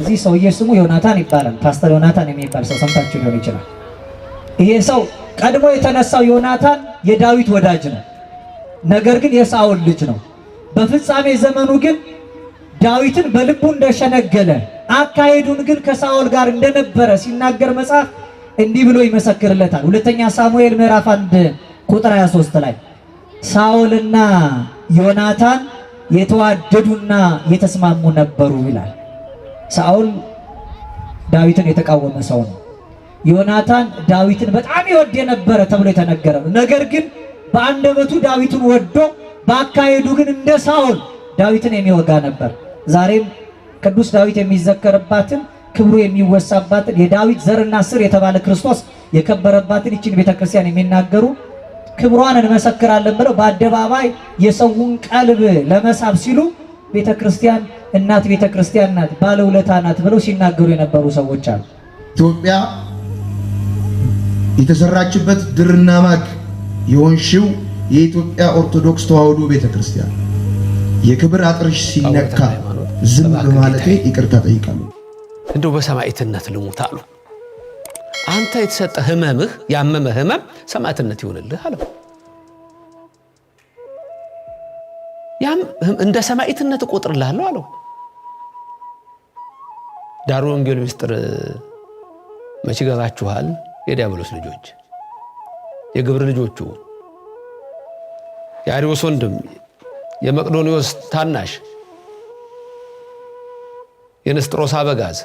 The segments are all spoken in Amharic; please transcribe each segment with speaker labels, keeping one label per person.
Speaker 1: እዚህ ሰውዬ ስሙ ዮናታን ይባላል። ፓስተር ዮናታን የሚባል ሰው ሰምታችሁ ሊሆን ይችላል። ይሄ ሰው ቀድሞ የተነሳው ዮናታን የዳዊት ወዳጅ ነው፣ ነገር ግን የሳኦል ልጅ ነው። በፍጻሜ ዘመኑ ግን ዳዊትን በልቡ እንደሸነገለ አካሄዱን ግን ከሳኦል ጋር እንደነበረ ሲናገር መጽሐፍ እንዲህ ብሎ ይመሰክርለታል። ሁለተኛ ሳሙኤል ምዕራፍ 1 ቁጥር 23 ላይ ሳኦልና ዮናታን የተዋደዱና የተስማሙ ነበሩ ይላል። ሳኦል ዳዊትን የተቃወመ ሰው ነው። ዮናታን ዳዊትን በጣም ይወድ የነበረ ተብሎ የተነገረ ነው። ነገር ግን በአንደበቱ ዳዊትን ወዶ በአካሄዱ ግን እንደ ሳኦል ዳዊትን የሚወጋ ነበር። ዛሬም ቅዱስ ዳዊት የሚዘከርባትን ክብሩ የሚወሳባትን የዳዊት ዘርና ስር የተባለ ክርስቶስ የከበረባትን ይችን ቤተክርስቲያን የሚናገሩ ክብሯን እንመሰክራለን ብለው በአደባባይ የሰውን ቀልብ ለመሳብ ሲሉ ቤተ ክርስቲያን እናት ቤተ ክርስቲያን ናት፣ ባለውለታ ናት ብለው ሲናገሩ የነበሩ ሰዎች አሉ።
Speaker 2: ኢትዮጵያ የተሰራችበት ድርና ማግ የሆንሽው የኢትዮጵያ ኦርቶዶክስ ተዋህዶ ቤተ ክርስቲያን የክብር አጥርሽ ሲነካ ዝም በማለቴ ይቅርታ ጠይቃለሁ።
Speaker 1: እንደው በሰማዕትነት ልሙት አሉ። አንተ የተሰጠ ህመምህ ያመመ ህመም ሰማዕትነት ይሆንልህ አለው። ያም እንደ ቁጥር እቆጥርልሃለሁ አለው። ዳሩ ወንጌል ምስጢር መቼ ገባችኋል? የዲያብሎስ ልጆች የግብር ልጆቹ የአሪዎስ ወንድም የመቅዶኒዎስ ታናሽ የንስጥሮስ አበጋዝ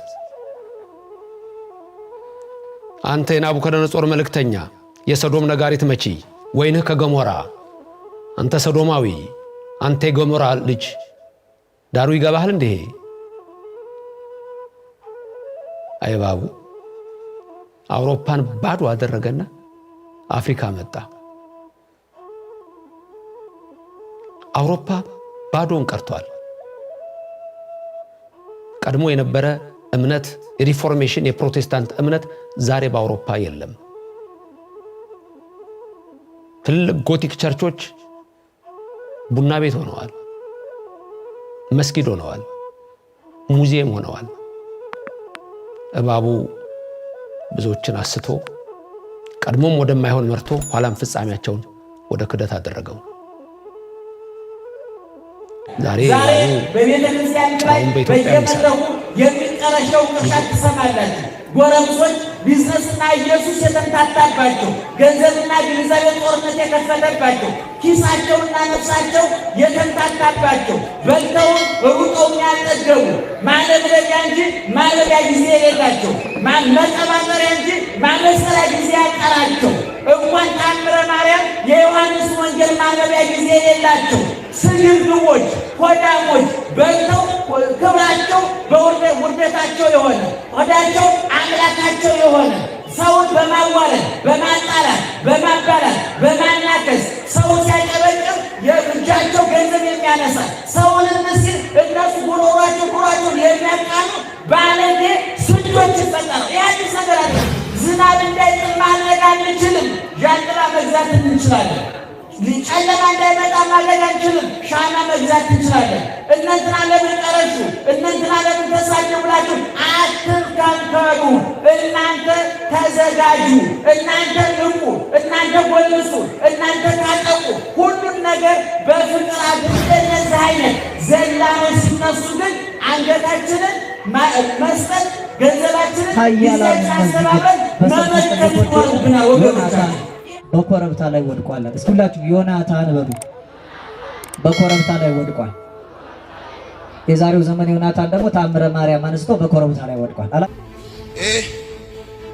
Speaker 1: አንተ የናቡከደነጾር መልእክተኛ የሰዶም ነጋሪት መቺ ወይንህ ከገሞራ አንተ ሰዶማዊ አንተ የጎሞራ ልጅ ዳሩ ይገባሃል እንዴ? አይባቡ አውሮፓን ባዶ አደረገና አፍሪካ መጣ። አውሮፓ ባዶን ቀርቷል። ቀድሞ የነበረ እምነት የሪፎርሜሽን የፕሮቴስታንት እምነት ዛሬ በአውሮፓ የለም። ትልቅ ጎቲክ ቸርቾች ቡና ቤት ሆነዋል፣ መስጊድ ሆነዋል፣ ሙዚየም ሆነዋል። እባቡ ብዙዎችን አስቶ ቀድሞም ወደማይሆን መርቶ ኋላም ፍጻሜያቸውን ወደ ክደት አደረገው። ዛሬ
Speaker 3: በቤተ ላይ በየመድረኩ የሚቀረሸው ቅርሳት ትሰማላችሁ። ጎረምሶች ቢዝነስና ኢየሱስ የተምታታባቸው፣ ገንዘብና ግንዛቤ ጦርነት የከፈተባቸው ኪሳቸውና ነፍሳቸው የተንታካባቸው በልተውም ሩጠውም ያልጠገቡ ማለብለቂያ እንጂ ማለቢያ ጊዜ የሌላቸው መጠባበሪያ እንጂ ማመስጠሪያ ጊዜ ያጠራቸው እንኳን ተአምረ ማርያም የዮሐንስ ወንጌል ማለቢያ ጊዜ የሌላቸው ስግብግቦች፣ ሆዳሞች በልተው ክብራቸው በውርደታቸው የሆነ ሆዳቸው አምላካቸው የሆነ ሰውን በማዋረድ በማጣላት፣ በማባላት፣ በማናከስ ሰውን ሲያጨበጭብ የእጃቸው ገንዘብ የሚያነሳ ሰውን ምስል እነሱ ጉሮሯቸው ጉሯቸውን የሚያቃኑ ባለጌ ስንቶች ይፈጠሩ። የአዲስ ነገር ዝናብ እንዳይጥል ማድረግ አንችልም። ዣንጥላ መግዛት እንችላለን። ጨለማ እንዳይመጣ ማድረግ አንችልም። ሻማ መግዛት እንችላለን። እነንትና ለምን ቀረሹ፣ እነንትና ለምን ተሳቸው ብላችሁ አትርከንከሩ። እናንተ ተዘጋጁ፣ እናንተ ንቁ፣ እናንተ ጎልሱ፣ እናንተ ታጠቁ። ሁሉም ነገር በፍቅር አድርገ አይነት ዘላኖች ሲነሱ ግን አንገታችንን መስጠት ገንዘባችንን ሰባበን መመልከት ይሆንብናል
Speaker 1: ወገኖቻችን በኮረብታ ላይ ወድቋል። እስኪ ሁላችሁ ዮናታን በሉ። በኮረብታ ላይ ወድቋል። የዛሬው ዘመን ዮናታን ደግሞ ታምረ ማርያም አንስቶ በኮረብታ ላይ ወድቋል። አላ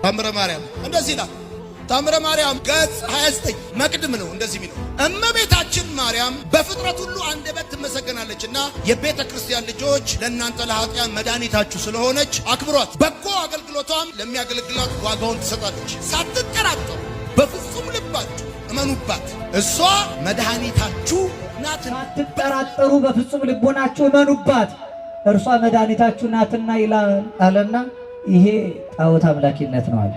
Speaker 4: ታምረ ማርያም እንደዚህ ይላል። ታምረ ማርያም ገጽ 29 መቅድም ነው እንደዚህ ሚለው እመቤታችን ማርያም በፍጥረት ሁሉ አንደበት ትመሰገናለችና የቤተ ክርስቲያን ልጆች ለእናንተ ለኃጢያን መድኃኒታችሁ ስለሆነች አክብሯት፣ በጎ አገልግሎቷም ለሚያገለግላት ዋጋውን ትሰጣለች ሳትጠራጠሩ በፍጹም ልባችሁ እመኑባት። እሷ መድኃኒታችሁ ናት።
Speaker 1: አትጠራጠሩ። በፍጹም ልቦናችሁ እመኑባት፣ እርሷ መድኃኒታችሁ ናትና ይላል አለና ይሄ ጣዖት አምላኪነት ነው አለ።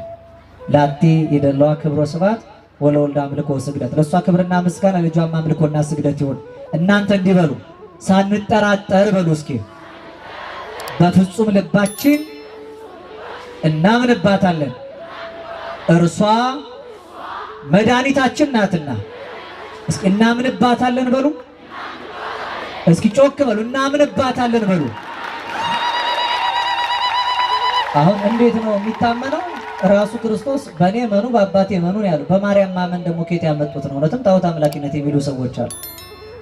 Speaker 1: ላቴ የደለዋ ክብሮ ስባት ወለወልድ አምልኮ ስግደት። ለእሷ ክብርና ምስጋና ልጇም አምልኮና ስግደት ይሁን። እናንተ እንዲህ በሉ፣ ሳንጠራጠር በሉ እስኪ በፍጹም ልባችን እናምንባታለን እርሷ መድኃኒታችን ናትና እስኪ እናምንባታለን በሉ። እስኪ ጮክ በሉ። እናምንባታለን በሉ። አሁን እንዴት ነው የሚታመነው? ራሱ ክርስቶስ በእኔ መኑ በአባቴ መኑ ያሉ በማርያም ማመን ደግሞ ኬት ያመጡት ነው። እውነትም ጣዖት አምላኪነት የሚሉ ሰዎች አሉ።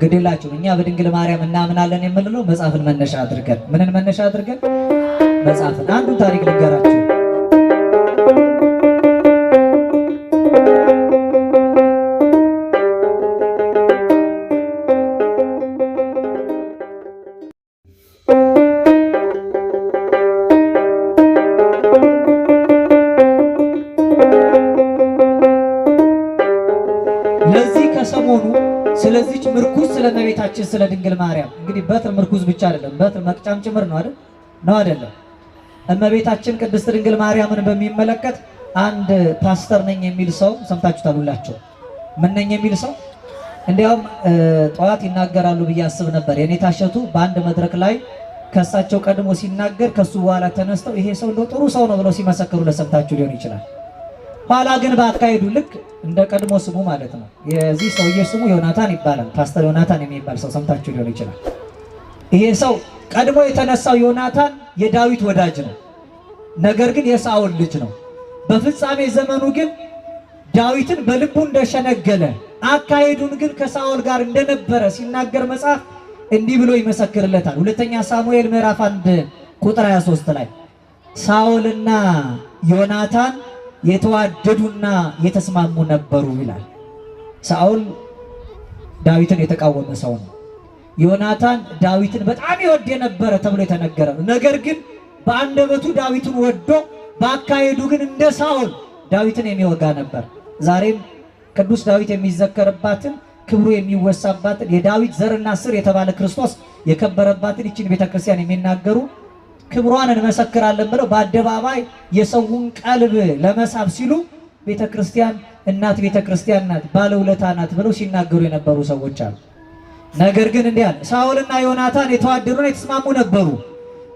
Speaker 1: ግድላችሁ እኛ በድንግል ማርያም እናምናለን የምንለው መጽሐፍን መነሻ አድርገን ምንን መነሻ አድርገን መጽሐፍን አንዱን ታሪክ ልንገራችሁ። ስለ ድንግል ማርያም እንግዲህ በትር ምርኩዝ ብቻ አይደለም፣ በትር መቅጫም ጭምር ነው አይደል? ነው አይደለም? እመቤታችን ቅድስት ድንግል ማርያምን በሚመለከት አንድ ፓስተር ነኝ የሚል ሰው ሰምታችሁ ታሉላቸው። ምን ነኝ የሚል ሰው እንዲያውም ጠዋት ይናገራሉ ብዬ አስብ ነበር። የኔ ታሸቱ በአንድ መድረክ ላይ ከእሳቸው ቀድሞ ሲናገር ከሱ በኋላ ተነስተው ይሄ ሰው እንደው ጥሩ ሰው ነው ብለው ሲመሰክሩ ለሰምታችሁ ሊሆን ይችላል። ኋላ ግን በአካሄዱ ልክ እንደ ቀድሞ ስሙ ማለት ነው። የዚህ ሰውዬ ስሙ ዮናታን ይባላል። ፓስተር ዮናታን የሚባል ሰው ሰምታችሁ ሊሆን ይችላል። ይሄ ሰው ቀድሞ የተነሳው ዮናታን የዳዊት ወዳጅ ነው፣ ነገር ግን የሳኦል ልጅ ነው። በፍጻሜ ዘመኑ ግን ዳዊትን በልቡ እንደሸነገለ አካሄዱን ግን ከሳኦል ጋር እንደነበረ ሲናገር መጽሐፍ እንዲህ ብሎ ይመሰክርለታል። ሁለተኛ ሳሙኤል ምዕራፍ 1 ቁጥር 23 ላይ ሳኦልና ዮናታን የተዋደዱና የተስማሙ ነበሩ ይላል። ሳኦል ዳዊትን የተቃወመ ሰው ነው። ዮናታን ዳዊትን በጣም ይወድ የነበረ ተብሎ የተነገረ ነው። ነገር ግን በአንደበቱ ዳዊትን ወዶ በአካሄዱ ግን እንደ ሳኦል ዳዊትን የሚወጋ ነበር። ዛሬም ቅዱስ ዳዊት የሚዘከርባትን ክብሩ የሚወሳባትን የዳዊት ዘርና ስር የተባለ ክርስቶስ የከበረባትን ይችን ቤተክርስቲያን የሚናገሩ ክብሯን እንመሰክራለን ብለው በአደባባይ የሰውን ቀልብ ለመሳብ ሲሉ ቤተ ክርስቲያን እናት ቤተ ክርስቲያን ናት፣ ባለውለታ ናት ብለው ሲናገሩ የነበሩ ሰዎች አሉ። ነገር ግን እንዲህ አለ፣ ሳኦልና ዮናታን የተዋደዱና የተስማሙ ነበሩ።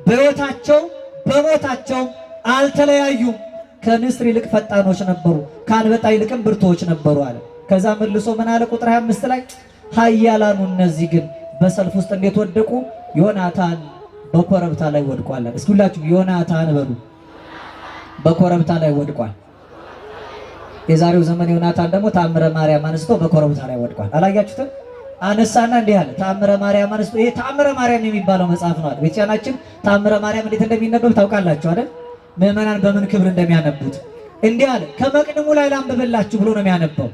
Speaker 1: በሕይወታቸው በሞታቸው አልተለያዩም። ከንስር ይልቅ ፈጣኖች ነበሩ፣ ከአንበጣ ይልቅም ብርቶች ነበሩ አለ። ከዛ መልሶ ምን አለ? ቁጥር 25 ላይ ኃያላኑ እነዚህ ግን በሰልፍ ውስጥ እንዴት ወደቁ? ዮናታን በኮረብታ ላይ ወድቋል። እስኪ ሁላችሁ ዮናታን በሉ። በኮረብታ ላይ ወድቋል። የዛሬው ዘመን ዮናታን ደግሞ ታምረ ማርያም አንስቶ በኮረብታ ላይ ወድቋል። አላያችሁትም? አነሳና እንዲህ አለ ታምረ ማርያም አንስቶ። ይሄ ታምረ ማርያም የሚባለው መጽሐፍ ነው። ቤተክርስቲያናችን ታምረ ማርያም እንዴት እንደሚነበብ ታውቃላችሁ አይደል? ምዕመናን በምን ክብር እንደሚያነቡት እንዲህ አለ። ከመቅድሙ ላይ ላንብብላችሁ ብሎ ነው የሚያነበው።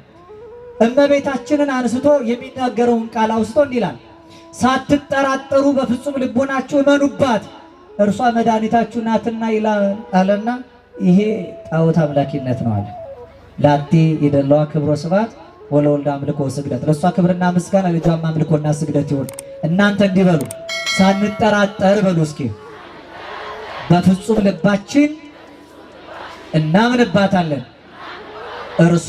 Speaker 1: እመቤታችንን አንስቶ የሚናገረውን ቃል አውስቶ እንዲህ ይላል ሳትጠራጠሩ በፍጹም ልቦናችሁ እመኑባት፣ እርሷ መድኃኒታችሁ ናትና ይላል አለና፣ ይሄ ጣዖት አምላኪነት ነው አለ። ላቴ የደላዋ ክብሮ ስብሐት ወለወልድ አምልኮ ስግደት፣ ለእሷ ክብርና ምስጋና ልጇም አምልኮና ስግደት ይሆን እናንተ እንዲህ በሉ፣ ሳንጠራጠር በሉ እስኪ፣ በፍጹም ልባችን እናምንባታለን እርሷ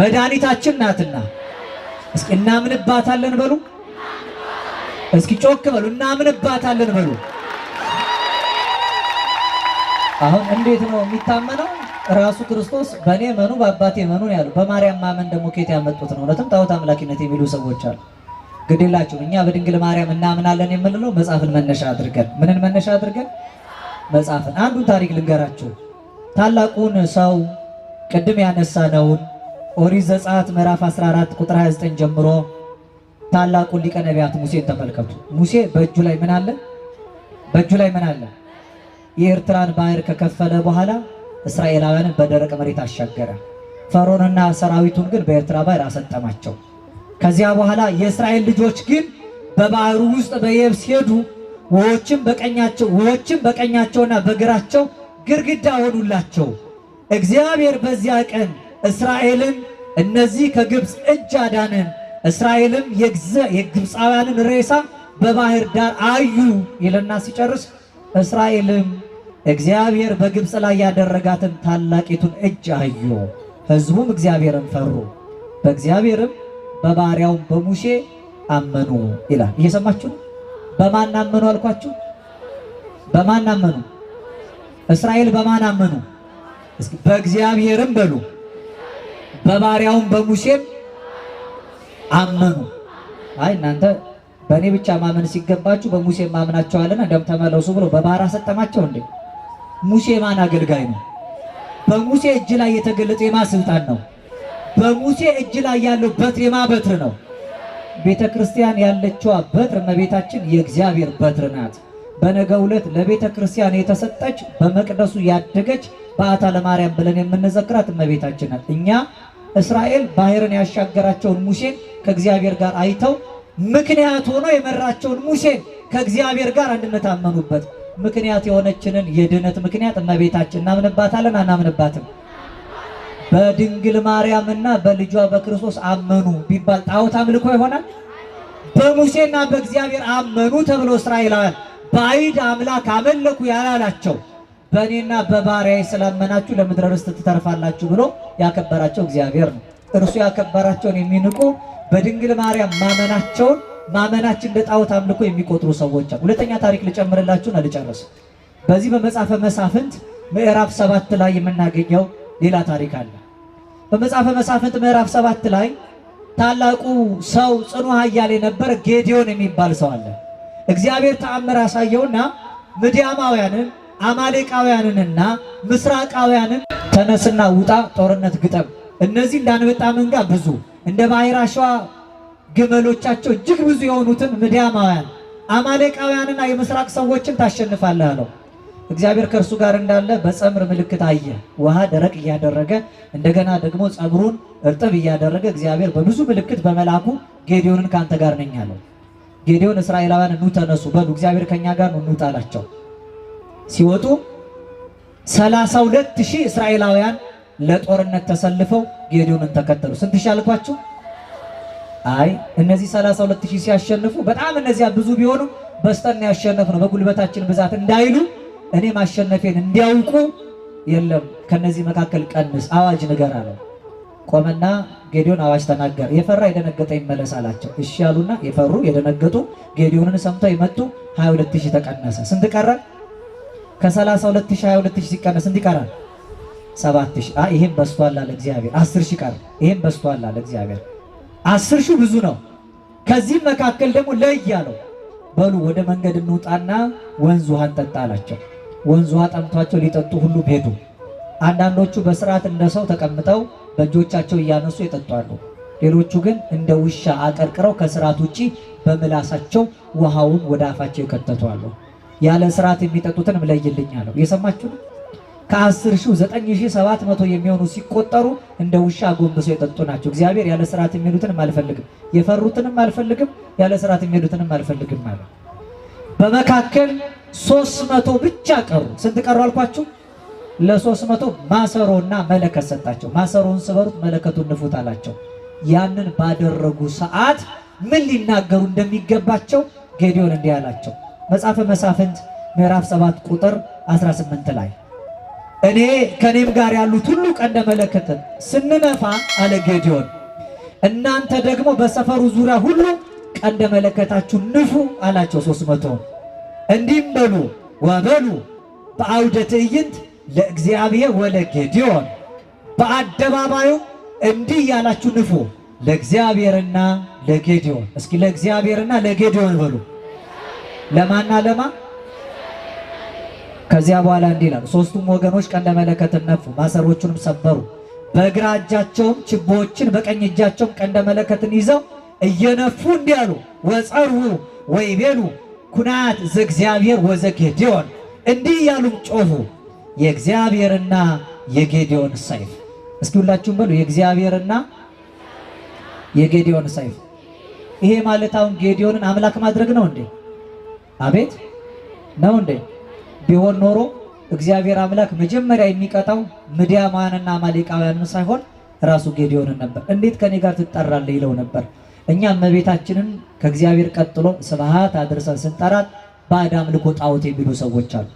Speaker 1: መድኃኒታችን ናትና። እስኪ እናምንባታለን በሉ። እስኪ ጮክ በሉ፣ እናምንባታለን በሉ። አሁን እንዴት ነው የሚታመነው? ራሱ ክርስቶስ በእኔ መኑ በአባቴ መኑ ያሉ በማርያም ማመን ደግሞ ኬት ያመጡት ነው። እውነትም ጣዖት አምላኪነት የሚሉ ሰዎች አሉ። ግዴላችሁ እኛ በድንግል ማርያም እናምናለን የምንለው መጽሐፍን መነሻ አድርገን ምንን መነሻ አድርገን መጽሐፍን አንዱን ታሪክ ልንገራችሁ። ታላቁን ሰው ቅድም ያነሳነውን ኦሪት ዘጸአት ምዕራፍ 14 ቁጥር 29 ጀምሮ ታላቁን ሊቀ ነቢያት ሙሴን ተመልከቱ። ሙሴ በእጁ ላይ ምን አለ? በእጁ ላይ ምን አለ? የኤርትራን ባህር ከከፈለ በኋላ እስራኤላውያንን በደረቅ መሬት አሻገረ። ፈርዖንና ሰራዊቱን ግን በኤርትራ ባህር አሰጠማቸው። ከዚያ በኋላ የእስራኤል ልጆች ግን በባህሩ ውስጥ በየብስ ሄዱ። ውሆችም በቀኛቸው ውሆችም በቀኛቸውና በግራቸው ግርግዳ ሆኑላቸው። እግዚአብሔር በዚያ ቀን እስራኤልን እነዚህ ከግብፅ እጅ አዳነን እስራኤልም የግብፃውያንን ሬሳ በባህር ዳር አዩ ይለና ሲጨርስ እስራኤልም እግዚአብሔር በግብፅ ላይ ያደረጋትን ታላቂቱን እጅ አዩ። ሕዝቡም እግዚአብሔርን ፈሩ፣ በእግዚአብሔርም በባሪያውም በሙሴ አመኑ ይላል። እየሰማችሁ በማን አመኑ አልኳችሁ? በማን አመኑ? እስራኤል በማን አመኑ? በእግዚአብሔርም በሉ፣ በባሪያውም በሙሴም አመኑ። አይ እናንተ በእኔ ብቻ ማመን ሲገባችሁ በሙሴ ማምናቸዋለን እንደም ተመለሱ ብሎ በባህር አሰጠማቸው። እንዴ ሙሴ ማን አገልጋይ ነው? በሙሴ እጅ ላይ የተገለጠ የማ ስልጣን ነው? በሙሴ እጅ ላይ ያለው በትር የማ በትር ነው? ቤተ ክርስቲያን ያለችዋ በትር እመቤታችን የእግዚአብሔር በትር ናት። በነገ ዕለት ለቤተ ክርስቲያን የተሰጠች በመቅደሱ ያደገች በአታ ለማርያም ብለን የምንዘክራት እመቤታችን ናት። እኛ እስራኤል ባህርን ያሻገራቸውን ሙሴን ከእግዚአብሔር ጋር አይተው ምክንያት ሆኖ የመራቸውን ሙሴን ከእግዚአብሔር ጋር አንድነት አመኑበት ምክንያት የሆነችንን የድህነት ምክንያት እመቤታችን እናምንባታለን አናምንባትም? በድንግል ማርያምና በልጇ በክርስቶስ አመኑ ቢባል ጣዖት አምልኮ ይሆናል? በሙሴና በእግዚአብሔር አመኑ ተብሎ እስራኤላውያን ባዕድ አምላክ አመለኩ ያላላቸው በእኔና በባሪያዬ ስላመናችሁ ለምድረ ርስት ትተርፋላችሁ ብሎ ያከበራቸው እግዚአብሔር ነው። እርሱ ያከበራቸውን የሚንቁ በድንግል ማርያም ማመናቸውን ማመናችን እንደ ጣዖት አምልኮ የሚቆጥሩ ሰዎች አሉ። ሁለተኛ ታሪክ ልጨምርላችሁን አልጨረስም። በዚህ በመጽሐፈ መሳፍንት ምዕራፍ ሰባት ላይ የምናገኘው ሌላ ታሪክ አለ። በመጽሐፈ መሳፍንት ምዕራፍ ሰባት ላይ ታላቁ ሰው ጽኑ ኃያል የነበረ ጌዲዮን የሚባል ሰው አለ። እግዚአብሔር ተአምር አሳየውና ምድያማውያንን አማሌቃውያንንና ምስራቃውያንን ተነስና ውጣ ጦርነት ግጠም። እነዚህ እንዳንበጣ መንጋ ብዙ እንደ ባህር አሸዋ ግመሎቻቸው እጅግ ብዙ የሆኑትን ምድያማውያን አማሌቃውያንና የምስራቅ ሰዎችን ታሸንፋለህ አለው። እግዚአብሔር ከእርሱ ጋር እንዳለ በጸምር ምልክት አየ። ውሃ ደረቅ እያደረገ እንደገና ደግሞ ጸምሩን እርጥብ እያደረገ እግዚአብሔር በብዙ ምልክት በመላኩ ጌዲዮንን ከአንተ ጋር ነኝ አለው። ጌዲዮን እስራኤላውያን እኑ ተነሱ፣ በሉ እግዚአብሔር ከእኛ ጋር ነው፣ እንውጣ አላቸው። ሲወጡ ሰላሳ ሁለት ሺህ እስራኤላውያን ለጦርነት ተሰልፈው ጌዲዮንን ተከተሉ። ስንት ሺህ አልኳችሁ? አይ እነዚህ 32 ሺህ ሲያሸንፉ በጣም እነዚያ ብዙ ቢሆኑም በስተን ያሸነፍ ነው በጉልበታችን ብዛት እንዳይሉ እኔ ማሸነፌን እንዲያውቁ የለም ከነዚህ መካከል ቀንስ፣ አዋጅ ንገር አለው። ቆመና ጌዲዮን አዋጅ ተናገር። የፈራ የደነገጠ ይመለስ አላቸው። እሺ ያሉና የፈሩ የደነገጡ ጌዲዮንን ሰምተው የመጡ 22 ተቀነሰ። ስንት ቀረ? ከ3222 ሲቀነስ ስንት ይቀራል? 7000 አይ ይሄም በዝቷል አለ እግዚአብሔር። 10 ሺህ ይሄም በዝቷል አለ እግዚአብሔር። 10 ብዙ ነው። ከዚህም መካከል ደግሞ ለይ ያለው በሉ ወደ መንገድ እንውጣና ወንዝ ውሃ እንጠጣ አላቸው። ወንዝ ውሃ ጠምቷቸው ሊጠጡ ሁሉም ሄዱ። አንዳንዶቹ በስርዓት እንደሰው ተቀምጠው በእጆቻቸው እያነሱ ይጠጣሉ። ሌሎቹ ግን እንደ ውሻ አቀርቅረው ከስርዓት ውጪ በምላሳቸው ውሃውን ወደ አፋቸው ይከተቷሉ። ያለ ስርዓት የሚጠጡትን ምለይልኝ አለው። የሰማችሁ ከአስር ሺህ ዘጠኝ ሺህ ሰባት መቶ የሚሆኑ ሲቆጠሩ እንደ ውሻ ጎንብሰው የጠጡ ናቸው። እግዚአብሔር ያለ ስርዓት የሚሄዱትንም አልፈልግም፣ የፈሩትንም አልፈልግም፣ ያለ ስርዓት የሚሄዱትንም አልፈልግም አለ። በመካከል ሶስት መቶ ብቻ ቀሩ። ስንት ቀሩ አልኳችሁ? ለሶስት መቶ ማሰሮና መለከት ሰጣቸው። ማሰሮን ስበሩት፣ መለከቱን ንፉት አላቸው። ያንን ባደረጉ ሰዓት ምን ሊናገሩ እንደሚገባቸው ጌዲዮን እንዲህ አላቸው መጽሐፈ መሳፍንት ምዕራፍ 7 ቁጥር 18 ላይ እኔ ከኔም ጋር ያሉት ሁሉ ቀንደ መለከትን ስንነፋ አለ ጌዲዮን፣ እናንተ ደግሞ በሰፈሩ ዙሪያ ሁሉ ቀንደ መለከታችሁ ንፉ አላቸው። 300 እንዲህም በሉ ወበሉ በአውደ ትዕይንት ለእግዚአብሔር ወለ ጌዲዮን፣ በአደባባዩ እንዲህ ያላችሁ ንፉ ለእግዚአብሔርና ለጌዲዮን። እስኪ ለእግዚአብሔርና ለጌዲዮን በሉ ለማና ለማ ከዚያ በኋላ እንዲህ ይላል፣ ሶስቱም ወገኖች ቀንደ መለከትን ነፉ፣ ማሰሮቹንም ሰበሩ። በግራ እጃቸውም ችቦዎችን በቀኝ እጃቸውም ቀንደ መለከትን ይዘው እየነፉ እንዲህ አሉ፣ ወይ ቤሉ ኩናት ዘእግዚአብሔር ወዘጌዴዎን። እንዲህ እያሉም ጮሁ፣ የእግዚአብሔርና የጌዴዎን ሰይፍ። እስኪ ሁላችሁም በሉ የእግዚአብሔርና የጌዴዎን ሰይፍ። ይሄ ማለት አሁን ጌዴዎንን አምላክ ማድረግ ነው እንዴ? አቤት ነው እንዴ? ቢሆን ኖሮ እግዚአብሔር አምላክ መጀመሪያ የሚቀጣው ምድያማንና አማሌቃውያንን ሳይሆን ራሱ ጌዲዮንን ነበር። እንዴት ከኔ ጋር ትጠራለህ ይለው ነበር። እኛም እመቤታችንን ከእግዚአብሔር ቀጥሎ ስብሐት አድርሰን ስንጠራት ባዕድ አምልኮ ጣዖት የሚሉ ሰዎች አሉ።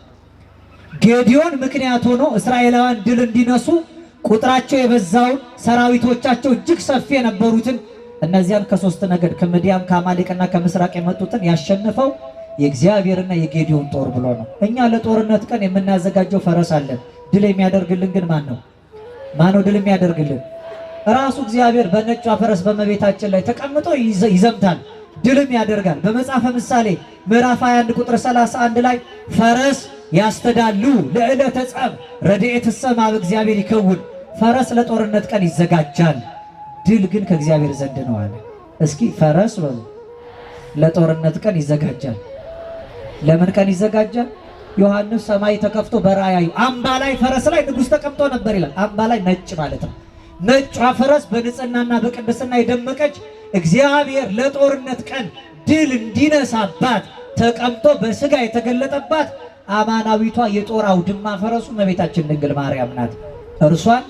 Speaker 1: ጌዲዮን ምክንያት ሆኖ እስራኤላውያን ድል እንዲነሱ ቁጥራቸው የበዛውን ሰራዊቶቻቸው እጅግ ሰፊ የነበሩትን እነዚያን ከሶስት ነገድ ከምድያም ከአማሌቅና ከምስራቅ የመጡትን ያሸነፈው የእግዚአብሔርና የጌዲዮን ጦር ብሎ ነው። እኛ ለጦርነት ቀን የምናዘጋጀው ፈረስ አለን። ድል የሚያደርግልን ግን ማን ነው? ማን ነው ድል የሚያደርግልን? ራሱ እግዚአብሔር በነጯ ፈረስ በመቤታችን ላይ ተቀምጦ ይዘምታል፣ ድልም ያደርጋል። በመጽሐፈ ምሳሌ ምዕራፍ 21 ቁጥር 31 ላይ ፈረስ ያስተዳሉ ለእለ ጸብ ረድኤት ሰማብ እግዚአብሔር ይከውን። ፈረስ ለጦርነት ቀን ይዘጋጃል፣ ድል ግን ከእግዚአብሔር ዘንድ ነው አለ። እስኪ ፈረስ በሉ ለጦርነት ቀን ይዘጋጃል። ለምን ቀን ይዘጋጃል? ዮሐንስ ሰማይ ተከፍቶ በራእይ አምባ ላይ ፈረስ ላይ ንጉሥ ተቀምጦ ነበር ይላል። አምባ ላይ ነጭ ማለት ነው። ነጯ ፈረስ በንጽህናና በቅድስና የደመቀች እግዚአብሔር ለጦርነት ቀን ድል እንዲነሳባት ተቀምጦ በስጋ የተገለጠባት አማናዊቷ የጦር አውድማ ፈረሱ እመቤታችን ድንግል ማርያም ናት። እርሷን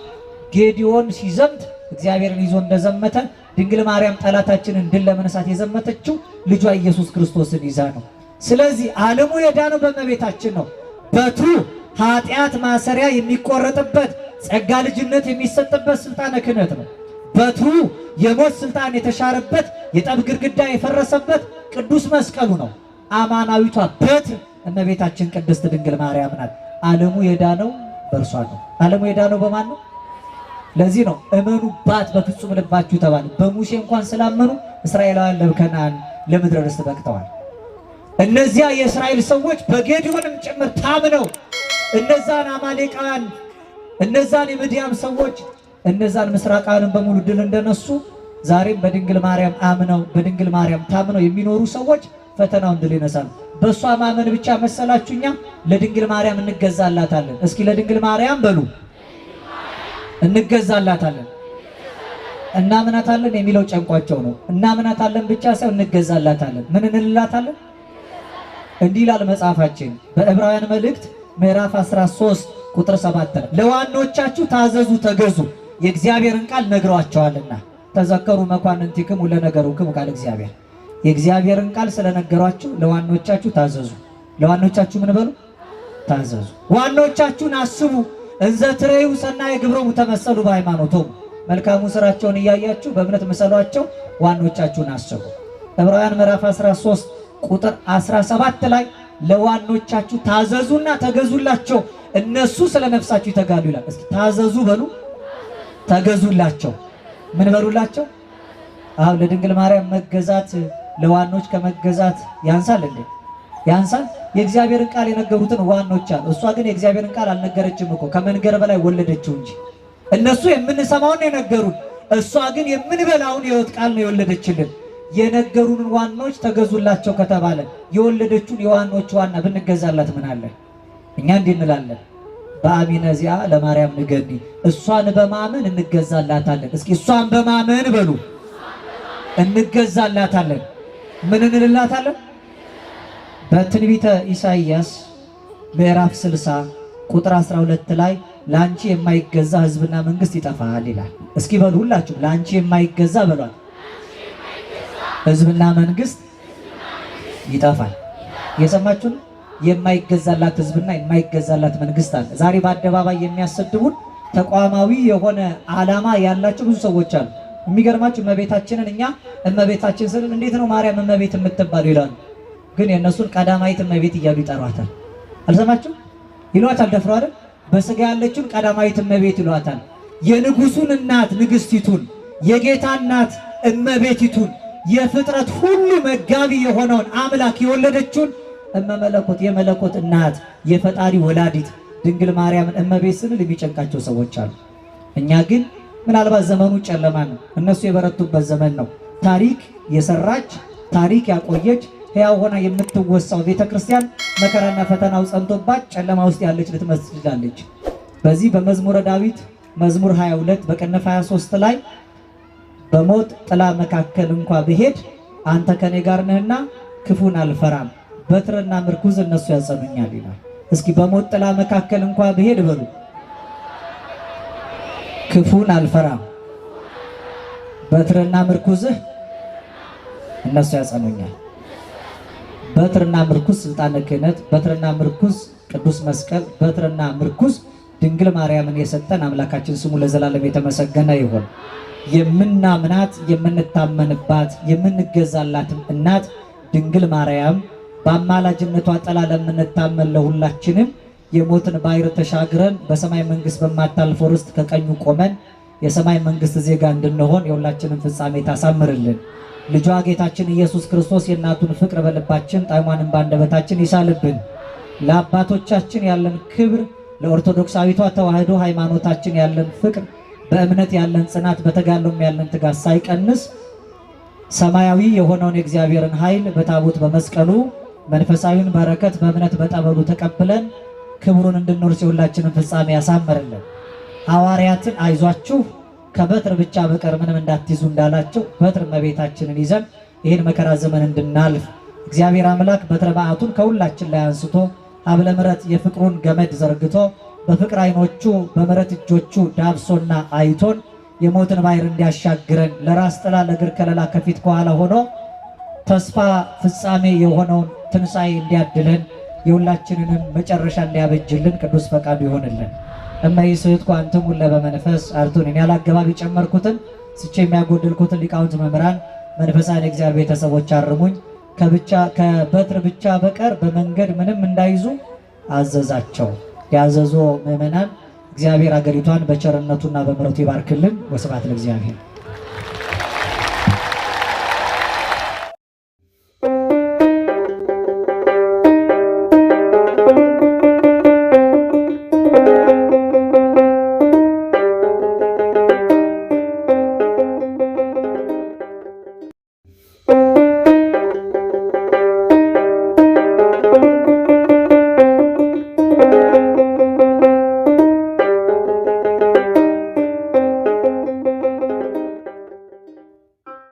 Speaker 1: ጌዲዮን ሲዘምት እግዚአብሔርን ይዞ እንደዘመተ ድንግል ማርያም ጠላታችንን ድል ለመነሳት የዘመተችው ልጇ ኢየሱስ ክርስቶስን ይዛ ነው። ስለዚህ ዓለሙ የዳነው በእመቤታችን ነው። በትሩ ኃጢአት ማሰሪያ የሚቆረጥበት ጸጋ ልጅነት የሚሰጥበት ስልጣነ ክህነት ነው። በትሩ የሞት ስልጣን የተሻረበት የጠብ ግድግዳ የፈረሰበት ቅዱስ መስቀሉ ነው። አማናዊቷ በትር እመቤታችን ቅድስት ድንግል ማርያም ናት። ዓለሙ የዳነው በእርሷ ነው። ዓለሙ የዳነው በማን ነው? ለዚህ ነው እመኑባት በፍጹም ልባችሁ ተባለ። በሙሴ እንኳን ስላመኑ እስራኤላውያን ለከነዓን ለምድረ ርስት በቅተዋል። እነዚያ የእስራኤል ሰዎች በጌድዮንም ጭምር ታምነው እነዛን አማሌቃውያን እነዛን የምድያም ሰዎች እነዛን ምስራቃውያንን በሙሉ ድል እንደነሱ ዛሬም በድንግል ማርያም አምነው በድንግል ማርያም ታምነው የሚኖሩ ሰዎች ፈተናውን ድል ይነሳል። በእሷ ማመን ብቻ መሰላችሁ? እኛ ለድንግል ማርያም እንገዛላታለን። እስኪ ለድንግል ማርያም በሉ እንገዛላታለን። እናምናታለን የሚለው ጨንቋቸው ነው። እናምናታለን ብቻ ሳይሆን እንገዛላታለን። ምን እንልላታለን? እንዲህ ይላል መጽሐፋችን በዕብራውያን መልእክት ምዕራፍ 13 ቁጥር 7 ለዋኖቻችሁ ታዘዙ፣ ተገዙ የእግዚአብሔርን ቃል ነግሯቸዋልና። ተዘከሩ መኳንንቲክሙ ለነገሩክሙ ቃል እግዚአብሔር የእግዚአብሔርን ቃል ስለነገሯችሁ ለዋኖቻችሁ ታዘዙ። ለዋኖቻችሁ ምን በሉ? ታዘዙ። ዋኖቻችሁን አስቡ። እንዘ ትሬዩ ሰናየ ግብሮሙ ተመሰሉ በሃይማኖቶሙ መልካሙ ስራቸውን እያያችሁ በእምነት መሰሏቸው። ዋኖቻችሁን አስቡ። ዕብራውያን ምዕራፍ 13 ቁጥር 17 ላይ ለዋኖቻችሁ ታዘዙና ተገዙላቸው፣ እነሱ ስለ ነፍሳችሁ ይተጋሉ ይላል። እስኪ ታዘዙ በሉ፣ ተገዙላቸው። ምን በሉላቸው? አሁን ለድንግል ማርያም መገዛት ለዋኖች ከመገዛት ያንሳል እንዴ? ያንሳል። የእግዚአብሔርን ቃል የነገሩትን ዋኖች አሉ። እሷ ግን የእግዚአብሔርን ቃል አልነገረችም እኮ ከመንገር በላይ ወለደችው እንጂ። እነሱ የምንሰማውን የነገሩን፣ እሷ ግን የምንበላውን የሕይወት ቃል ነው የወለደችልን። የነገሩንን ዋናዎች ተገዙላቸው ከተባለ የወለደችውን የዋናዎች ዋና ብንገዛላት ምን አለ? እኛ እንዲህ እንላለን፣ በአሚነ ዚአ ለማርያም ንገኒ፣ እሷን በማመን እንገዛላታለን። እስኪ እሷን በማመን በሉ እንገዛላታለን። ምን እንልላታለን? በትንቢተ ኢሳይያስ ምዕራፍ 60 ቁጥር 12 ላይ ለአንቺ የማይገዛ ሕዝብና መንግስት ይጠፋል ይላል። እስኪ በሉ ሁላችሁ ለአንቺ የማይገዛ በሏል ህዝብና መንግስት ይጠፋል። የሰማችሁን? የማይገዛላት ህዝብና የማይገዛላት መንግስት አለ። ዛሬ በአደባባይ የሚያሰድቡን ተቋማዊ የሆነ አላማ ያላቸው ብዙ ሰዎች አሉ። የሚገርማችሁ እመቤታችንን እኛ እመቤታችን ስል እንዴት ነው ማርያም እመቤት የምትባሉ ይላሉ። ግን የእነሱን ቀዳማዊት እመቤት እያሉ ይጠሯታል። አልሰማችሁ ይሏታል። ደፍሮ አይደል በስጋ ያለችውን ቀዳማዊት እመቤት ይሏታል። የንጉሱን እናት ንግስቲቱን፣ የጌታ እናት እመቤቲቱን የፍጥረት ሁሉ መጋቢ የሆነውን አምላክ የወለደችውን እመመለኮት የመለኮት እናት የፈጣሪ ወላዲት ድንግል ማርያምን እመቤት ስንል የሚጨንቃቸው ሰዎች አሉ። እኛ ግን ምናልባት ዘመኑ ጨለማ ነው፣ እነሱ የበረቱበት ዘመን ነው። ታሪክ የሰራች ታሪክ ያቆየች ሕያው ሆና የምትወሳው ቤተ ክርስቲያን መከራና ፈተናው ጸንቶባት ጨለማ ውስጥ ያለች ልትመስል በዚህ በመዝሙረ ዳዊት መዝሙር 22 በቅንፍ 23 ላይ በሞት ጥላ መካከል እንኳ ብሄድ አንተ ከኔ ጋር ነህና ክፉን አልፈራም፣ በትርና ምርኩዝ እነሱ ያጸኑኛል ይላል። እስኪ በሞት ጥላ መካከል እንኳ ብሄድ በሉ ክፉን አልፈራም፣ በትርና ምርኩዝህ እነሱ ያጸኑኛል። በትርና ምርኩዝ ስልጣነ ክህነት፣ በትርና ምርኩዝ ቅዱስ መስቀል፣ በትርና ምርኩዝ ድንግል ማርያምን የሰጠን አምላካችን ስሙ ለዘላለም የተመሰገነ ይሁን። የምናምናት የምንታመንባት የምንገዛላት እናት ድንግል ማርያም በአማላጅነቷ ጥላ ለምንታመን ለሁላችንም የሞትን ባህር ተሻግረን በሰማይ መንግስት በማታልፎ ርስት ከቀኙ ቆመን የሰማይ መንግስት ዜጋ እንድንሆን የሁላችንም ፍጻሜ ታሳምርልን። ልጇ ጌታችን ኢየሱስ ክርስቶስ የእናቱን ፍቅር በልባችን ጣዕሟንም በአንደበታችን ይሳልብን። ለአባቶቻችን ያለን ክብር ለኦርቶዶክሳዊቷ ተዋህዶ ሃይማኖታችን ያለን ፍቅር፣ በእምነት ያለን ጽናት፣ በተጋሎም ያለን ትጋት ሳይቀንስ ሰማያዊ የሆነውን የእግዚአብሔርን ኃይል በታቦት በመስቀሉ መንፈሳዊን በረከት በእምነት በጠበሉ ተቀብለን ክብሩን እንድንወርስ የሁላችንን ፍጻሜ ያሳምርልን። ሐዋርያትን አይዟችሁ ከበትር ብቻ በቀር ምንም እንዳትይዙ እንዳላቸው በትር መቤታችንን ይዘን ይህን መከራ ዘመን እንድናልፍ እግዚአብሔር አምላክ በትረ በዓቱን ከሁላችን ላይ አንስቶ አብለ ምሕረት የፍቅሩን ገመድ ዘርግቶ በፍቅር አይኖቹ በምሕረት እጆቹ ዳብሶና አይቶን የሞትን ባሕር እንዲያሻግረን ለራስ ጥላ ለእግር ከለላ ከፊት ከኋላ ሆኖ ተስፋ ፍጻሜ የሆነውን ትንሣኤ እንዲያድለን የሁላችንንም መጨረሻ እንዲያበጅልን ቅዱስ ፈቃዱ ይሆንልን። ኳንትም ሁለ በመንፈስ አርቱን እኔ ያላገባብ የጨመርኩትን ስቼ የሚያጎደልኩትን ሊቃውንት መምህራን መንፈሳን እግዚአብሔር ቤተሰቦች አርሙኝ። ከብቻ ከበትር ብቻ በቀር በመንገድ ምንም እንዳይዙ አዘዛቸው። ያዘዞ ምእመናን እግዚአብሔር አገሪቷን በቸርነቱና በምረቱ ይባርክልን። ወስብሐት ለእግዚአብሔር።